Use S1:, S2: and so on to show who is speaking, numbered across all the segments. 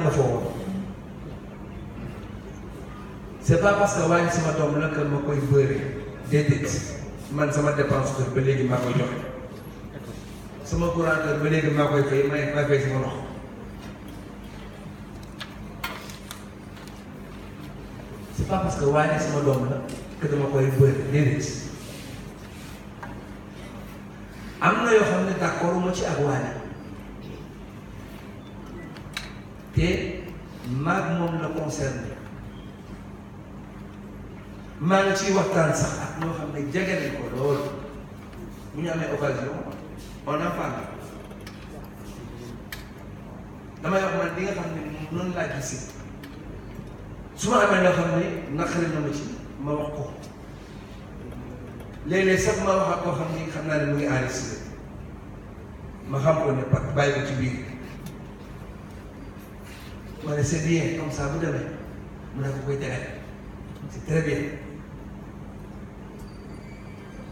S1: ma fa woon c'est pas parce que wàññi sama doom la que ma koy bëri déedéet man sama dépense kër ba léegi maa koy joxe sama courant kër ba léegi maa koy fay may may fay sama ndox c'est pas parce que wàññi sama doom la que dama koy bëri déedéet am na yoo xam ne d'accord ma ci ak te maag moom la concerné maa ngi ciy waxtaan sax ak ñoo xam ne jege nañ ko lool bu ñu amee occasion on en parle damay wax man li nga xam ne noonu laa gisee su ma amee loo xam ne na ma ci ma wax ko léeg-léeg sax ma wax ak koo xam ni xam naa ne mu Vous me laissez bien, comme ça, vous demain. Vous ne pouvez pas C'est très bien.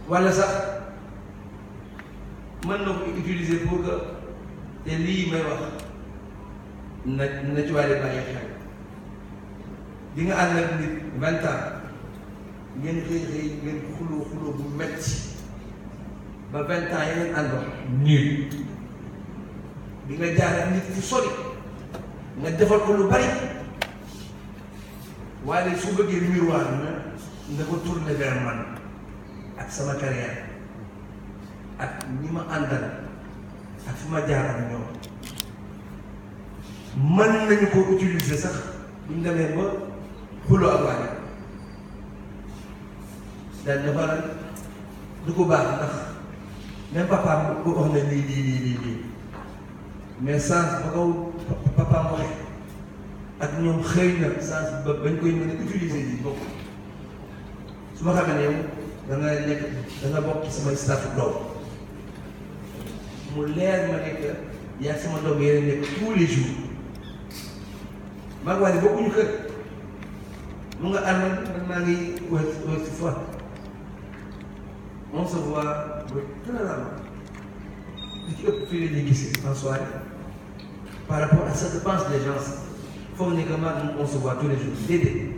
S1: Voilà ça. mën na ko utiliser pour na na ci wàllu bàyyi xel di nga ànd ak nit vingt ans ngeen xëy xëy ngeen bu metti ba vingt ans yeneen àndoon nii di nga jaar ak nit nga defal ko lu bari waaye su bëggee miroir na nga ko tourner vers man ak sama carrière ak ñi ma àndal ak fi ma jaar ak ñoom mën nañu ko utiliser sax buñ demee ba xuloo ak waaye daal dafa du ko baax ndax même papaam ko wax na lii lii lii lii message ba kaw papa ma waxee ak ñoom xëy na sens ba bañ koy mën a utiliser yi bokk su ma xamee ne yow da nga nekk da nga bokk samay staff doom mu leer ma nekk yaa sama doom yéen nekk tous les jours maa ngi wax ne bokkuñu kër mu nga ànd man maa ngi wër wër si fois on se voit très rarement li ci ëpp fii la ñuy par rapport à ce que pensent les gens foog ni que man on se voit tous les jours déedéet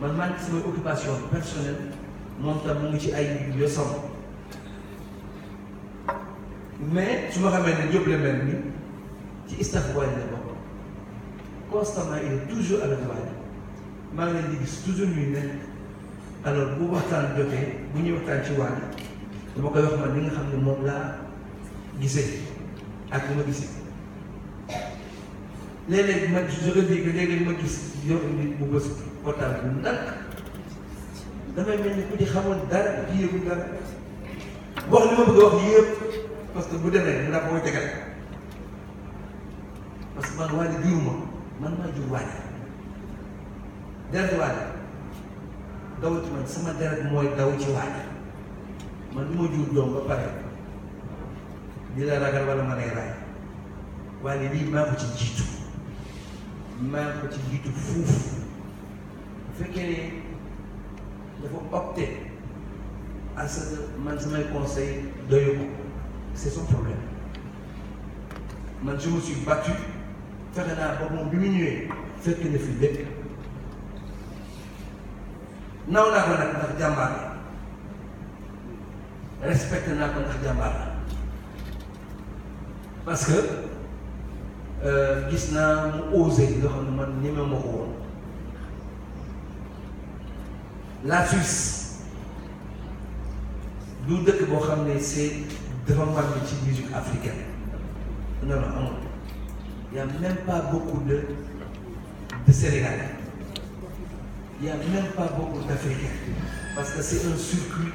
S1: man maa ngi sama occupation personnelle moom tam mu ngi ci ay leçons mais su ma xamee ne Diop le mel ni ci staff Wally la bokk constamment il est toujours avec Wally maa ngi leen di gis toujours ñuy nekk alors bu waxtaan jotee bu ñuy waxtaan ci Wally dama koy wax man li nga xam ne moom laa gisee ak li ma léeg ma je le dis que ma gis yor mu bës portable bu nag damay mel ni ku ci xamoon dara kii yëngu dara wax li ma bëgg a wax yëpp parce que bu demee mën naa ko tegal parce que man waa ji juruma man maa jur waa ji deret waa ji daw ci man sama deret mooy daw ci waa ji man li ba pare di ragal wala ma lay raay waaye lii maa ko ci jiitu. maa ngi ko ci jiitu fuuf bu fekkee ne dafa opté à man samay conseil doyu ko c'est son problème man je me suis battu fexe naa ba moom bi mu ñëwee fekk na fi lépp naw naa ko nag ndax jàmbaar la respecté naa ko ndax jàmbaar la parce Euh, gis naa mu osé nga la Suisse du dëkk boo xam ne c'est dafa màgg ci musique africaine non non amul y a même pas beaucoup de de Sénégalais y a même pas beaucoup d'Africains parce que c'est un circuit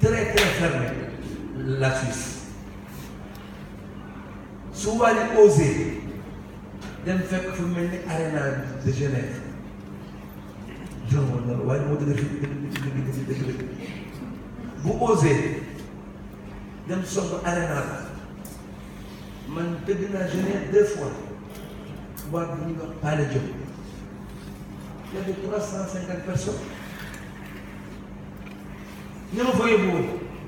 S1: très la Suisse su Wally osé. dem fekk fu mel ni arena de Genève jomoon na waaye moo dëgg dëgg dëgg dëgg dëgg dëgg bu dem song arena man tëgg naa Genève deux fois waa bu ñuy wax Palais Diop y avait trois cent cinquante personnes ña ma fa yóbbu woon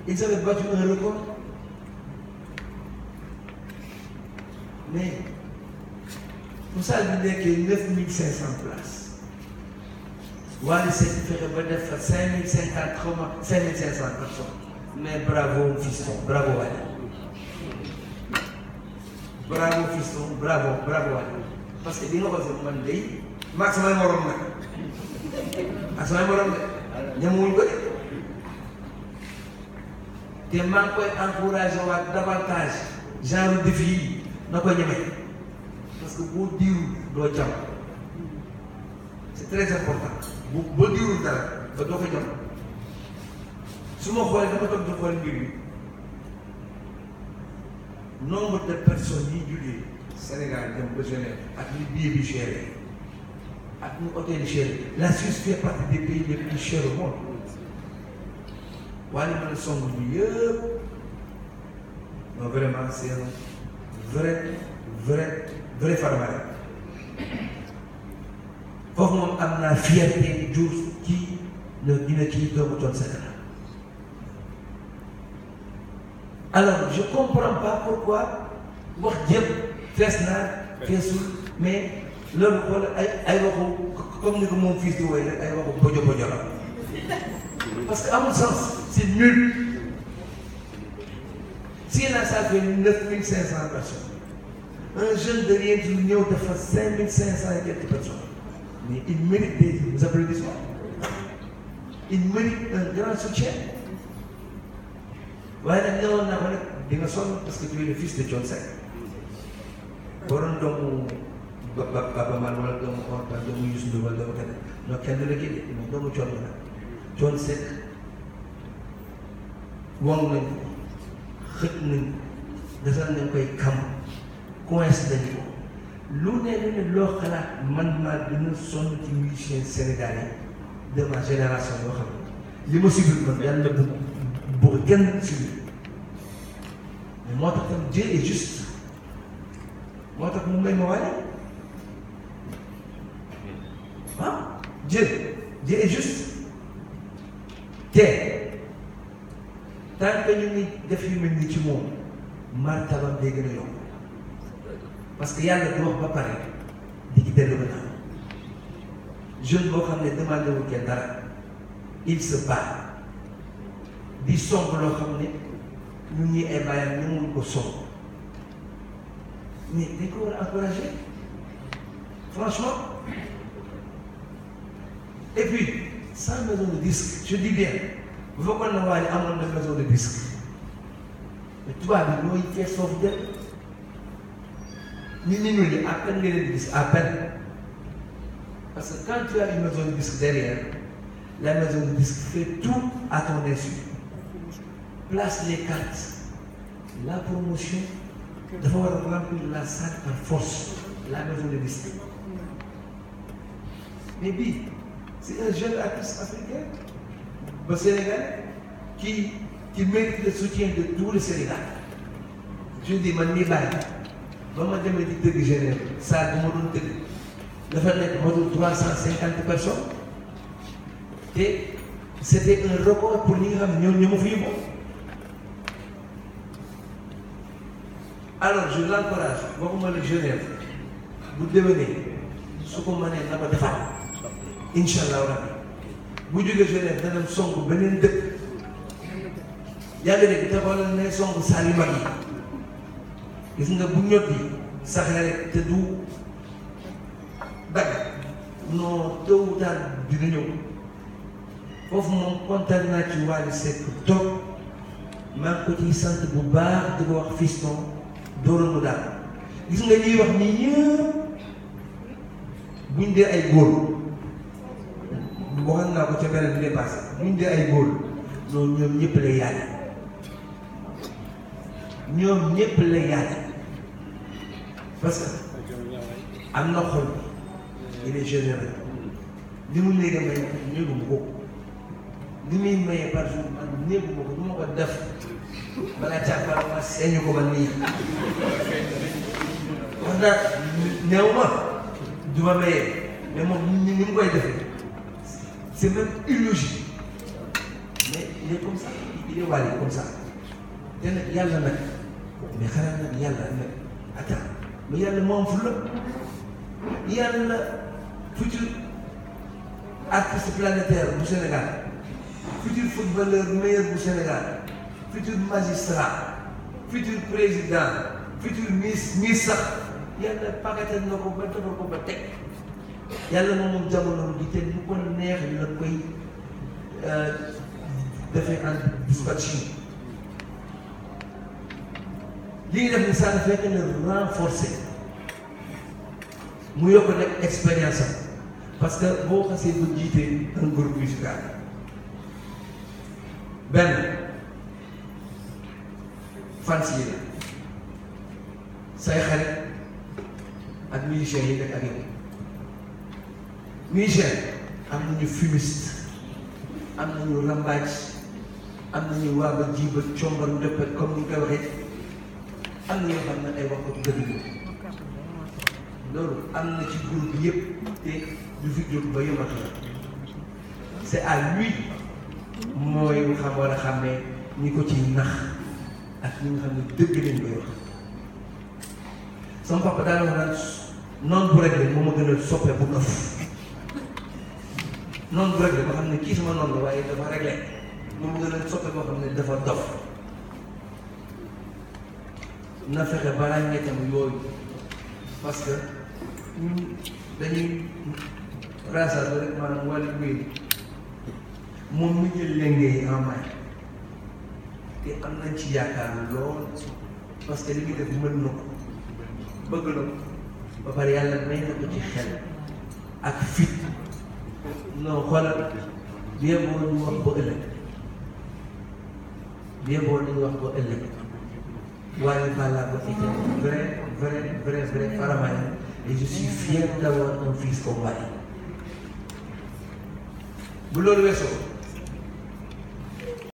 S1: ils avaient pour ça bi nekkee neuf mille cinq cent places wala seeti fexe ba def fa cinq mille cinquante xaw ma cinq mille cinq cent personnes mais bravo fiston bravo Wally bravo fiston bravo bravo Wally parce que li nga xose man day maag samay morom nag ak samay morom de ñamuwuñ ko de te maa ngi koy encouragé waat davantage genre défi yi na ko ñeme que boo diirul doo jàmm c'est très important bu boo diirul dara ba doo ko jàmm su ma xoolee dama toog di xool mbir yi nombre de personnes yi jugee Sénégal dem ba Genève ak li billet bi cher ak ñu hôtel cher la Suisse fait partie des pays les plus chers au monde waaye mën a song bi yëpp non vraiment c'est un vrai vrai du réformer rek foofu moom am naa fierté jur ci dina ci doomu toon sa kanam alors je comprends pas pourquoi wax jëpp fees naa feesul mais loolu wala ay ay waxu comme ni ko moom fils di wooy rek ay waxu bojo bojo la parce que amul sens c'est nul si na ça fait neuf mille cinq cent personnes Un jeune devient du million de fois 5500 et quelques personnes. Mais il mérite des applaudissements. Il mérite un grand soutien. waaye nag ñëwoon naa ko nag di nga sonn parce que tu es le fils de Thione doomu ba Baba Maal doomu Omar Ba doomu doomu keneen donc kenn du la génne moom doomu Thione la nag Thione Seck wong nañ ko xëj kam. coïncidence ko lu ne lu ne loo xalaat man maa gën a sonn ci musicien Sénégal yi de ma génération yoo xam ne li ma bu bu kenn suivre moo tax tam Dieu est moo tax mu may ma waale ah Dieu Dieu est te tant que ñu ni ci moom martabam day gën a yokk parce que yàlla du wax ba pare di ci dellu gannaaw jeune boo xam ne demandé wu kenn dara il se di song loo xam ne ñun ñuy ay bàyyam ñu mun ko song mais dañ ko war a encouragé franchement et puis sans maison de disque je dis bien bu fekkoon ne waa ji amoon na maison de disque mais tubaab bi ñooy cee soofu nit ñi ñu ne à peine nga leen gis à peine parce que quand tu as une maison de disque derrière la maison de disque fait tout à ton insu place la promotion dafa war la salle par la maison de disque mais bii c'est un jeune artiste africain ba Sénégal qui qui mérite le soutien de tout le Sénégal je man mii bàyyi. ba ma demee ci dëgg Genève salle bu tëgg dafa nekk ma dul trois cent cinquante personnes te c'était un record pour xam ne ñoo ñoo ma fi yóbbu alors je l'encourage la Genève bu déwénee su ko mënee na ko defal incha allahu rabbi bu jógee Genève dana song beneen dëkk yaa ngi dégg taxawal ne song salle yu gis nga bu ñot yi saxee rek te du dagg non tëwu daal dina ñëw foofu moom kontaan naa ci Wally Seck toog maa ko ciy sant bu baax di ko wax fiston dóoral daal gis nga ñuy wax ni yëpp buñ dee ay góor waxoon naa ko ca beneen bi dépassé buñ dee ay góor noonu ñoom ñëpp lay yaay ñoom ñëpp lay yaay parce que am na xol il est généreux li mu léegi may néeguma ko li muy par jour man néeguma ko du ma ko def bala càppal ma seeñu ko man nii wax na ma du maye mais moom ni mu koy defee c'est même illogique mais il est comme ça il est wàll comme ça te nag yàlla nag mais xanaa nag yàlla nag yàlla moom fu la yàlla futur artiste planétaire bu Sénégal futur footballeur meilleur bu Sénégal futur magistrat futur président futur miss miss sax yàlla pàccatal na ko ba defar ko ba teg yàlla moom jamono bi te bu ko neex la koy euh, defee en dispatching lii def ni sànni fekk na renforcer mu yokk nag expérience am parce que boo xasee ba jiitee un groupe musical benn fans yi la say xarit ak musiciens yi nekk ak yow musiciens am nañu fumiste am nañu rambaaj am nañu waaba jiiba combal ndëppet comme ni ñu koy waxee am na yoo xam ne ay waxtu dëgg loolu am na ci groupe yëpp te du fi jóg ba yëngatu la c'est à lui mooy xam war a xam ne ñi ko ci nax ak ñi nga xam ne dëgg lañ koy wax sama papa daal wax naan noonu bu réglé moo ma gën a soppe bu dof noonu bu réglé boo xam waaye dafa réglé moo ma gën a soppe boo xam ne dafa dof na fexe ba ràññeetam yooyu parce que ñun dañuy raasal rek maanaam wàllu wéy moom mi jël lenge yi te am nañ ci yaakaar lool parce que li muy mën na bëgg na ko yàlla may na ko ci xel ak fit non xoolal bien boo ñu wax ba ëllëg bien boo ñu wax ba ëllëg. Warel Ballago est un vrai, vrai, vrai, vrai Faramalien et je suis fier d'avoir un fils comme Wally bu loolu weesoo